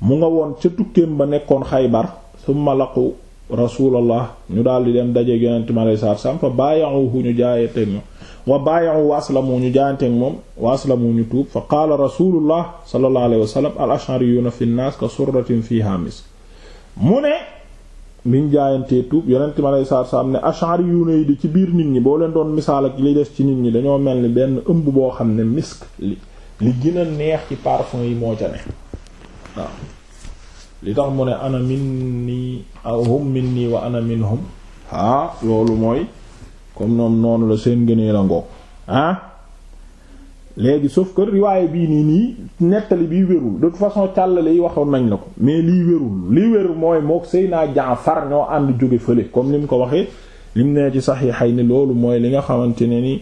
mu nga woon ca tukkeem ba nekkoon xaybar summa laqu rasulallah ñu daldi dem dajeeg yonent ma lay sarsam fa baayaxuhu ñu jaayete ñu wa baayahu wa aslamu ñu jaayanteeg moom wa ñu tuub fa qaala rasulullah sallallahu alayhi wa sallam al ashariyuna fi nnaas ka surratin fiha misk mu ne liñ jaayantee tuub yonent ma lay saar sa am ne ashariyuna yi di ci biir nit ñi boo leen doon misaal ak li des ci nit ñi dañoo mel ni benn ëmb boo xam ne misk li li gën a neex ci parfum yi moo ca ne waaw li tax mu ne ana minni aw hum minni wa ana minhum haa loolu mooy comme ñoom noonu la seen gënee la ngoog ah léegi sauf que riwaaye bii nii nii nettali bi wérul de toute façon càllale yi waxoon nañ la ko mais lii wérul lii wér mooy mook Seydina Jaafar ñoo ànd jóge fële comme ni mu ko waxee li lim nee ci saxiixay ni loolu mooy li nga xamante ne ni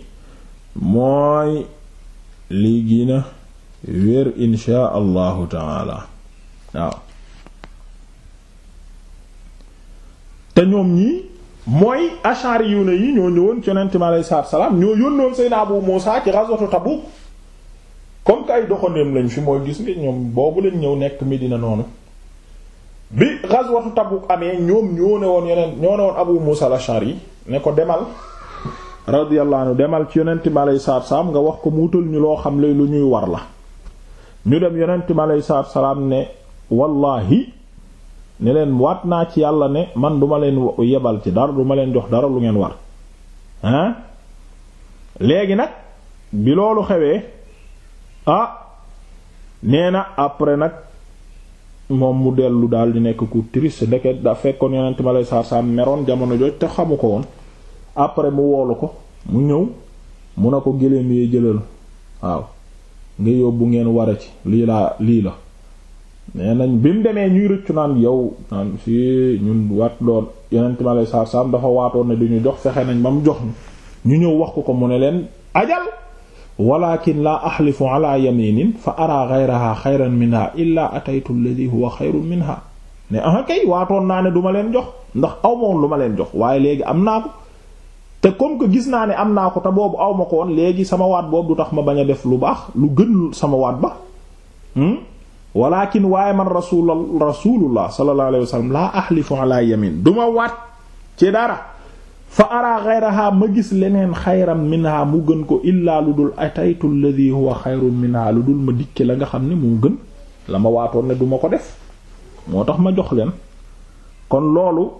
mooy lii gina wér insha allahu taala waaw te ñoom ñii mooy ashari yu ne yi ñoo ñëwoon ci yonent mi alayhi salaatu salaam ñoo yónnoon Seydina Abu Muusa ci ghazwatu Tabuk comme que ay doxandeem lañ fi mooy gis nga ñoom boobu lañ ñëw nekk Medina noonu bi ghazwatu Tabuk amee ñoom ñoo ne woon yeneen ñoo ne woon Abu Muusa al ne ko demal radiyallahu anhu demal ci yonent mi alayhi salaatu salaam nga wax ko muutal ñu loo xam ne lu ñuy war la ñu dem yonent mi alayhi salaatu salaam ne wallahi ne leen waat naa ci yàlla ne man duma leen yebal ci dara duma leen jox dara lu ngeen war ah léegi nag bi loolu xewee ah nee na après nag moom mu dellu daal di nekk ku triste ndeke da fekkoon yonent ma lay saar meroon jamono joj te xamu ko woon après mu woolu ko mu ñëw mu ne ko gëléem yee jëlal waaw nga yóbbu ngeen ware ci lii laa lii la nee nañ bi mu demee ñuy rëccu naan yow naan si ñun waat doon yeneen ma lay saar saam dafa waatoon ne duñu jox fexe nañ ba mu jox ñu ñëw wax ko ko mu ne leen ajal walakin la axlifu ala yaminin fa ara gayraha xayran minha illa ataytu alladhi huwa xayrun minha ne aha kay waatoon naa ne duma leen jox ndax aw ma woon lu ma leen jox waaye léegi am naa ko te comme que gis naa ne am naa ko te boobu aw ma ko léegi sama waat boobu du tax ma bañ a def lu baax lu gën sama waat ba hmm? walakin waaye man rasul rasulullah sallallahu alayhi wa laa ahlifu ala yamin duma wat ci dara fa ara xayraha ma gis leneen xayran minha mu gën ko illaa lu dul ataytu alladhi huwa xayrun minha lu dul ma dikke la nga xam ne moo gën la ma waatoon ne duma ko def moo tax ma jox leen kon loolu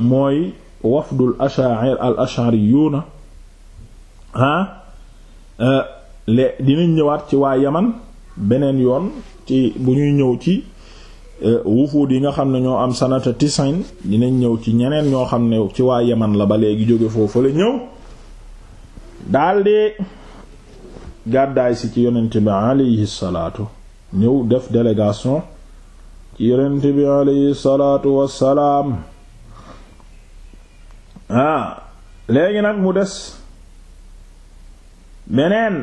mooy wafdul asha'ir al ash'ariyuna ah eh, le dinañ ñëwaat ci waa yaman beneen yoon ci bu ñuy ñëw ci euh, wufuud yi nga xam ne ñoo am sanata tisin dinañ ñëw ci ñeneen ñoo xam ne ci waa Yaman la ba léegi jóge foofu la ñëw daldi gàddaay si ci yonent bi alayhi salaatu ñëw def délégation ci yonent bi alayhi salaatu wassalaam ah léegi nag mu des beneen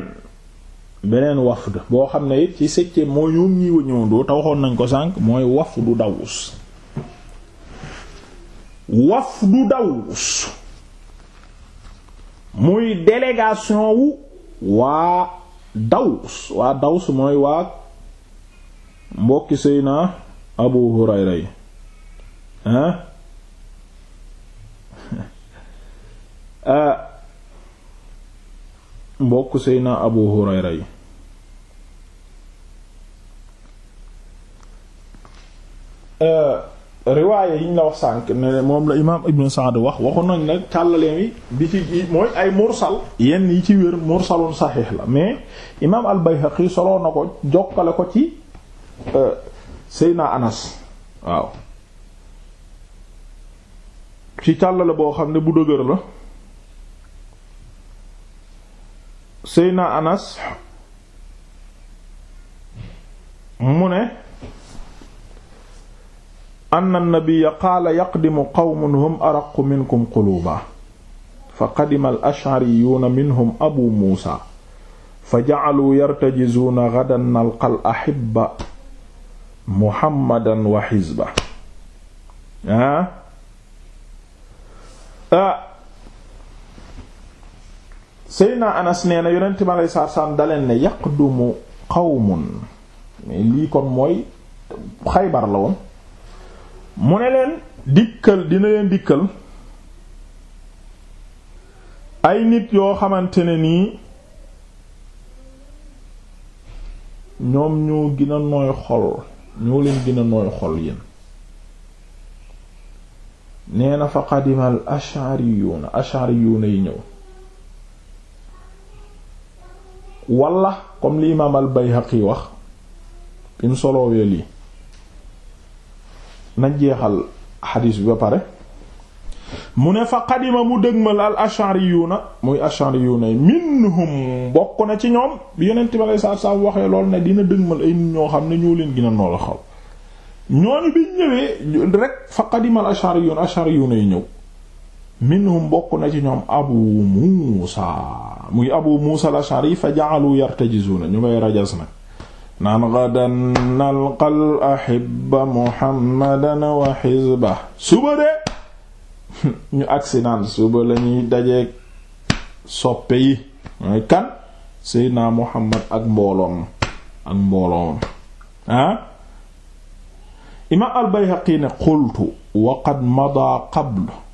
beneen wafd boo xam ne it ci secte moo ñoom ñi wa ñëwandoo te waxoon nañ ko sànk mooy wafdu Dawus wafdu Dawus muy délégation wu waa Dawus waa mooy waa mbokki sëy na Abu Hurayra yi hein euh, mbokk Seydina Abu Hurayra yi euh, riwaaya yi ñu la wax sànk ne moom la imaam Ibn Sa'd wax waxoon nañ ne càllaleen yi bi ci mooy ay mursal yenn yi ci wér mursalun saxiix la mais imaam al-Bayhaqi soloo na ko jokkale ko ci euh, Seydina Anas waaw ci càllale boo xam ne bu dëgër la Seyna Anas mu ne anna nabiyya qaala yaqdimu qawmun hum araqqu minkum quluuba fa qadima al-ash'ariyuuna minhum abu muusa fa ja'aluu yartajizuuna ghadan nalqal ahibba muhammadan wa hizba ah, ah. Seyna Anas nee na yonent mi aleyhi salaatu salaam daleen ne yaqdumu qawmun mais lii kon mooy Xaybar la woon mu ne leen dikkal dina leen dikkal ay nit yoo xamante ne nii ñoom ñoo gën a nooy xol ñoo leen gën nooy xol yéen nee na fa qadima al ashariyuuna ashariyuuna yi ñëw wala comme li bay al yi wax im solowee lii nañ jeexal xadiis bi ba pare mu ne fa qadima mu dëgmal al ashariyuuna muy ashariyuuna yi minhum bokk na ci ñoom bi yonent bi alei satu salaam waxee lool ne dina dëgmal ay ñoo xam ne ñoo leen gën a noo la xaw ñooñu biñ ñëwee rek fa qadima al ashariyuuna ashariyuuna yi ñëw minhum bokk na ci ñoom abu muusa muy abu muusa la shari ja'alu yartajizuna ñu ngay rajas nag naan gadan nalqal ahibba muhammadan wa xizba suba de ñu agsi naan suba lañuy dajeek soppe yi mooy kan seydna muhammad ak mbooloom ak mbooloom ah imaam al bayhaqi qultu wa qad mada qablu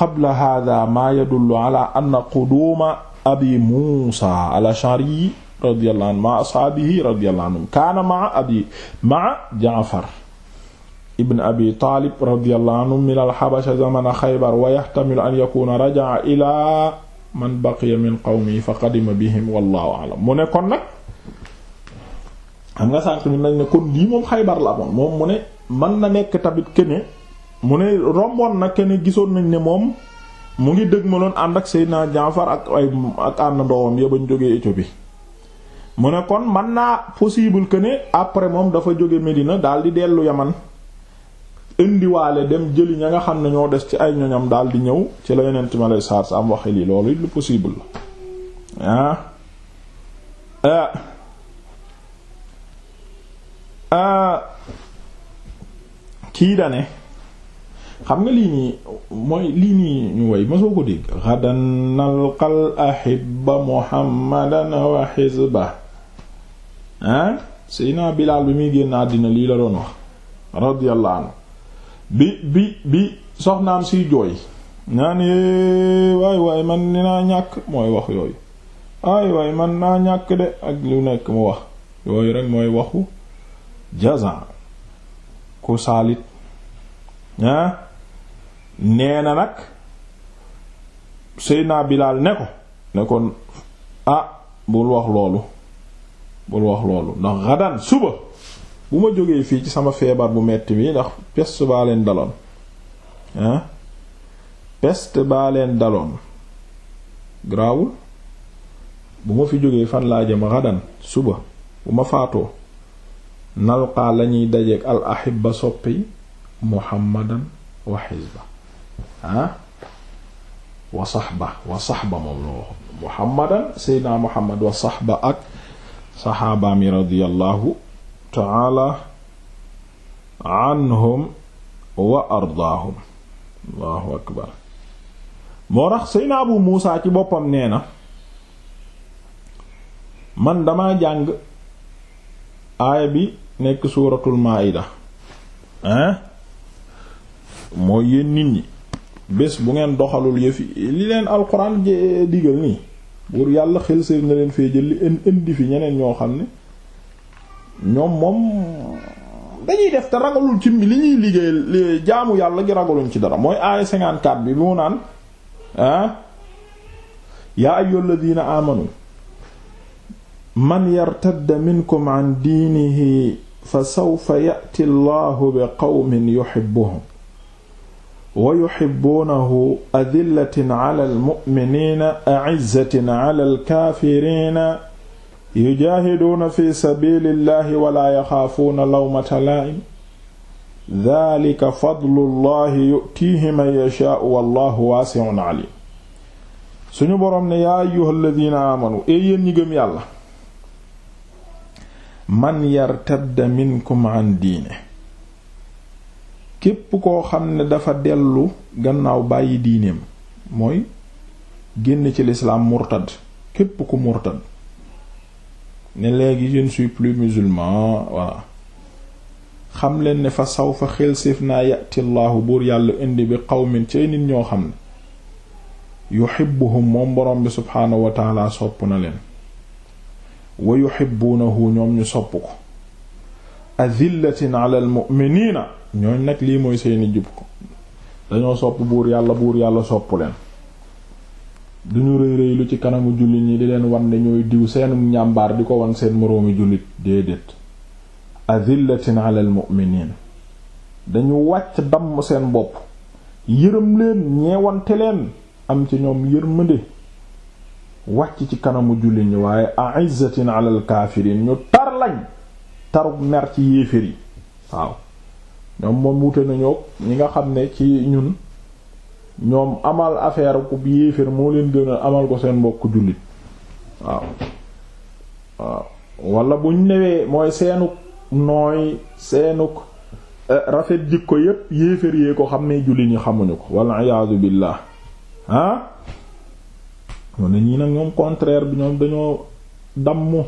qabla hada maa yadullu ala anna quduuma abi muusa al-ash'ari radiyallahu anhu ma ashaabihi radiyallahu anhum kaana maa abi maa jaafar ibn abi taalib radiyallahu anhu min al-habasha zamana xaybar wa yahtamilu an yakuna raja'a ilaa man baqiya min qawmihi fa qadima bihim wallahu a'lam mu ne kon nag xam nga sànq mi nañ ne kon lii moom xaybar la amoon moom mu ne mën na nekk tamit kene mu ne romboon na ne gisoon nañ ne moom mu ngi dëgmaloon ànd ak Seydina Jaafar ak ay ak ànd ndoowam ya bañ jógee Éthiopie mu ne kon man naa possible que ne après moom dafa jóge Médina daal di dellu Yaman indiwaale dem jëli ña nga xam ne ñoo des ci ay ñoñam daal di ñëw ci la yonent ma lay saar sa am waxe lii loolu lu possible la ah. Ah. Ah. kii dane xam nga lii nii mooy lii nii ñu woy mosoo ko dégg xadan nalqal ahibba muhammadan wa xisba ah Seydina Bilaal bi muy génn àddina lii la doon wax radiyallahu bi bi bi soxnaam siy jooy naan waay waay man dinaa ñàkk mooy wax yooyu waay waay man naa ñàkk de ak lu nekk mu wax yooyu rek mooy waxu jazan ku saalit ah nee na nag Seydina Bilaal ne ko ne ko ah bul wax loolu bul wax loolu ndax xadan suba bu ma jógee fii ci sama feebar bu metti bi ndax peste baa leen daloon ah baa leen daloon grawul bu ma fi jógee fan laa jëm xadan suba bu ma faatoo nalqaa lañuy dajeek al ahibba soppi muhammadan wa xisba ah wa saxba wa saxba moom la waxoon muhammadan seydina muhammad wa saxba ak saxaabaami radiyallahu taala anhum wa ardaahum moo tax seydina abu muusa ci boppam nee na man dama jàng aaya bi nekk suuratul maayida hein mooy yéen nit ñi bés bu ngeen doxalul yëfi li leen alxuraan digal nii buur yàlla xel seen na leen fee jël li indi fi ñeneen ñoo xam ne ñoom moom dañuy def te ragalul ci li ñuy liggéey jaamu yàlla gi ragaluñ ci dara mooy aaya 54 bi mu naan ah yaa ayyuhal ladina amanu man yartadda minkum an diinihi fa sawfa ya'ti allahu bi qawmin yuhibbuhum wa yuhibbuunahu adillatin alal mu'miniina a'izzatin alal kaafiriina yujaahiduuna fi sabiilillaahi wa laa yaxaafuuna lawmata laa'im daalika fadlullaahi yu'tiihi man yashaa'u wallaahu waasi'un aliim suñu boroom ne yaa ayyuhalladiina aamanu ee yéen ñi gëm yàlla man yartadda minkum an diinihi képp koo xam ne dafa dellu gannaaw bàyyi diineem mooy génn ci l'islam murtad képp ku murtad ne léegi je suis plus musulman voilà xam leen ne fa saw fa xelséef naa yati llaahu buur yàlla indi bi qawmin cay nit ñoo xam ne yuhibbuhum moom borom bi subhaanahu wa sopp na leen wa yuhibbuunahu ñoom ñu sopp ko adillatin ala al ñooñ nag lii mooy seeni jub ko dañoo sopp buur yàlla buur yàlla sopp leen duñu rëy rëy lu ci kanamu jullit ñi di leen wan ne ñooy diw seenu njàmbaar di ko wan seen moroomi jullit déedéet adillatin ala al dañu wàcc damm seen bopp yërëm leen ñeewante leen am ci ñoom yërmande wàcc ci kanamu jullit ñi waaye a'izzatin ala al kaafiriin ñu tar lañ tarub mer ci yéeféer yi waaw ñoom moom wute nañoo ñi nga xam ne ci ñun ñoom amal affaire ku yéeféer moo leen gën a amal ko seen mbokk jullit waaw waaw wala buñ newee mooy seenuk nooy seenuk eh, rafet ko yépp yéeféer yee ko xam ne jullit ñi xamuñu ko walla iyaatu billaah ah moo ne ñii nag ñoom contraire bi ñoom dañoo damm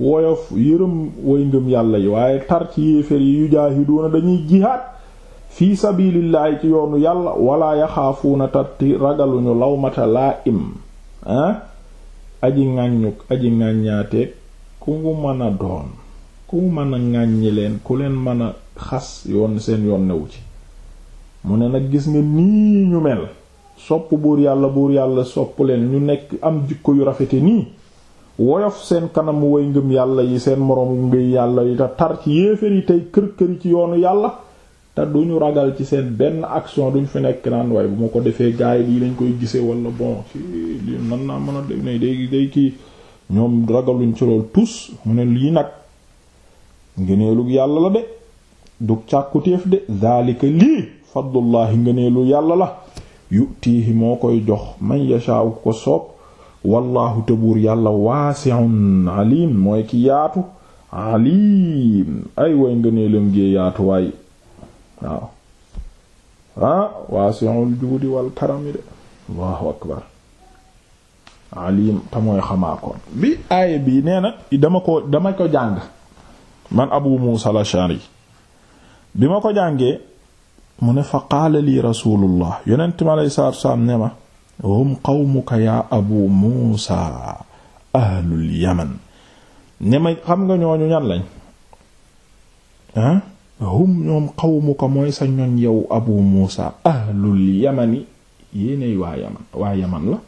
woyof yërëm way yàlla yi waaye tar ci yéeféer yi yu jaahiduuna dañuy jihaad fi sabilillahi ci yoonu yàlla wala yaxaafuuna tarti ragaluñu lawmata laa im ah aji ŋàññuk aji ŋàññaateeg ku ngu mën a doon ku mën a leen ku leen mën a xas yoon seen yoon newu ci mu ne nag gis nga nii ñu mel sopp buur yàlla buur yàlla sopp leen ñu nekk am jikko yu rafete nii woyof seen kanam way ngëm yàlla yi seen moroom ngëy yàlla yi te tar ci yéefér yi tey kër kër yi ci yoonu yàlla te duñu ragal ci seen benn action duñ fi nekk naan waaye bu ma ko defee gaay yi lañ koy gisee wala bon ci li naa mën a def ne day kii ñoom ragaluñ ci loolu tus mu ne lii nag ngëneelug yàlla la de du càkkutéef de zaalika lii fadlullahi ngëneelu yàlla la yutiihi moo koy jox man yashaaw ko soob wallaahu tëbuur yàlla waasi'un alim mooy ki yaatu alim ay way nga nee lam gee yaatu waay waaw ah waasi'ul juudi wal karami de allahu akbar alim te mooy xamaa kon bi aaya bi nee na dama ko dama ko jàng man abu muusa al-ash'ari bi ma ko jàngee mu ne fa qaala lii rasulullah yonent ma lay saam ne ma wahum qawmuka yaa abu muusa ahlul yaman ne ma xam nga ñooñu ñan lañ hum ñoom qawmuka mooy sa ñoñ yow abu muusa ahlul yamani yéenay waa yaman waa yaman la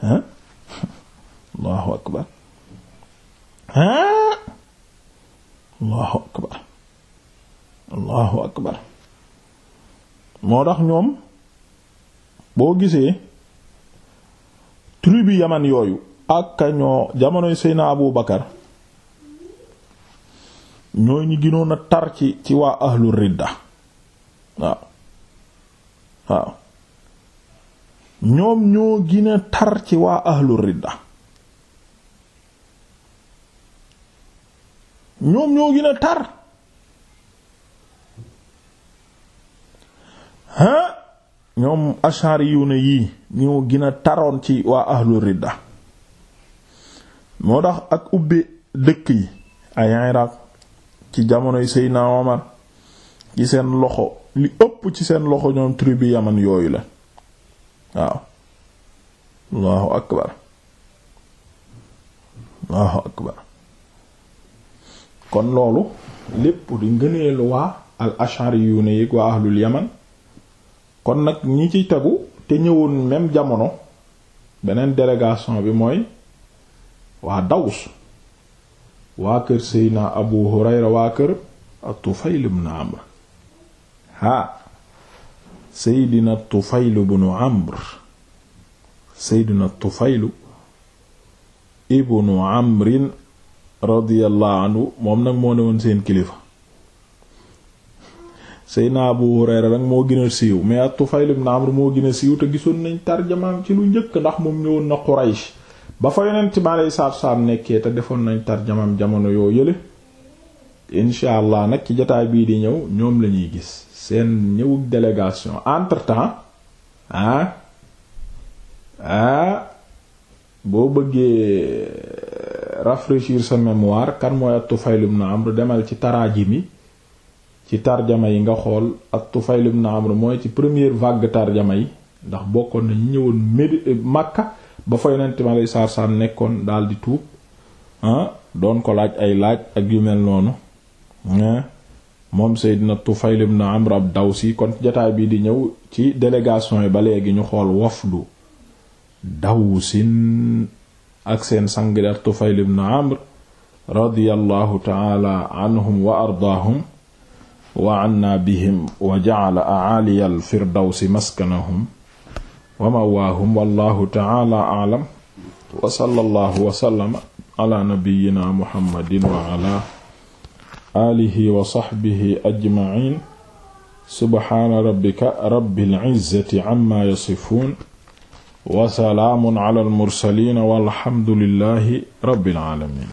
ah allahu akbar ah allahu akbar allahu akbar moo tax ñoom boo gisee tribu yaman yooyu ak ñoo jamonoy Seyna Abu Bakar ñooy ñi ginoon a tar ci waa ahlu ridda waaw ñoom ñoo gën a tar ci waa ahlu ridda ñoom ñoo gën tar ha ñoom ashari yu ne yii ñu gën a taroon ci waa ahlu ridda moo tax ak ubbi dëkk yi ay Iraq ci jamonoy Seydina Omar ci seen loxo li ëpp ci seen loxo ñoom tribu Yaman yooyu la waaw Allahu akbar kon loolu lépp di ngëneelu waa al ashari yu ne yëg waa ahlul Yaman kon nag ñi ci tegu te ñëwul même jamono beneen délégation bi mooy waa Daws waa kër Seydina Abu Hurayra waa kër at-Tufayl Amr haa Seydina Tufayl Amr Seydina Tufayl ibn Amrin radiyallahu anhu moom nag moo ne woon seen kilifa Seydina Abu Hurayra rek moo gën a siiw mais at-Tufayl ibn Amr moo gën a siiw te gisoon nañ tarjamaam ci lu njëkk ndax moom ñëwoon na Quraysh ba fa yonent mi aleyhi salaatu nekkee te defoon nañ tarjamaam jamono yoo yële incha allah nag ci bii di ñëw ñoom la ñuy gis seen ñëwug délégation entre temps ah, ah boo bëggee rafraîchir sa mémoire kan mooy at-Tufayl ibn Amr demal ci taraajim yi ci tarjama yi nga xool ak Tufayl ibn Amr mooy ci première vague tarjama yi ndax bokkoon na ñu ñëwoon Médi Makka ba fa yonent ma lay saar saar nekkoon daal di tuub ah, doon ko laaj ay laaj ak yu mel noonu ah, moom Seydina Tufayl ibn Amr daw si kon jataay bii di ñëw ci délégation yi ba léegi ñu xool wafdu Dawsin ak seen sang Tufayl ibn Amr radiyallahu ta'ala anhum wa ardaahum wa anna bihim wa ja'ala a'aliya al-firdawsi maskanahum wa ma'waahum wallahu ta'ala a'lam wa sallallahu wa sallama ala nabiyyina muhammadin wa ala alihi wa sahbihi ajma'in subhaana rabbika rabbil izzati amma yasifun wa salaamun ala al-mursalin walhamdulillahi rabbil alamin